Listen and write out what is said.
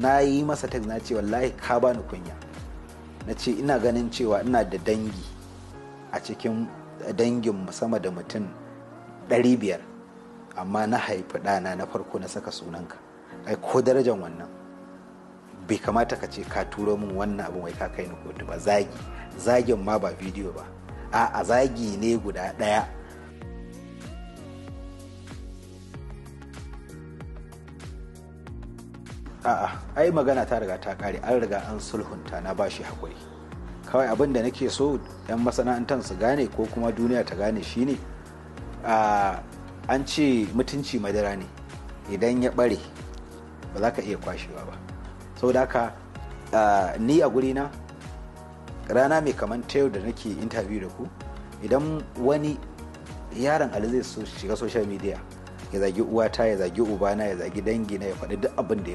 na yi masa text na ce wallahi ka bani kunya na ce ina ganin cewa ina da dangi a cikin dangin sama da mutum 500 amma na haifi ɗana na farko na saka sunanka ai ko darajan wannan bai kamata ka ce ka turo min wannan abin wai ka kai ni kotu ba zagi zagin ma ba bidiyo ba a zagi ne guda ɗaya a'a ai magana ta riga ta kare an riga an sulhunta na bashi hakuri kawai abin da nake so 'yan masana'antar su gane ko kuma duniya ta gane shine an ce mutunci madara ne idan ya bare ba za ka iya kwashewa ba da haka ni a guri na rana mai kaman ta yau da nake interview da ku idan wani yaron ali zai shiga social media ya zagi uwata ya zagi ubana ya zagi dangi na ya faɗi duk abin da ya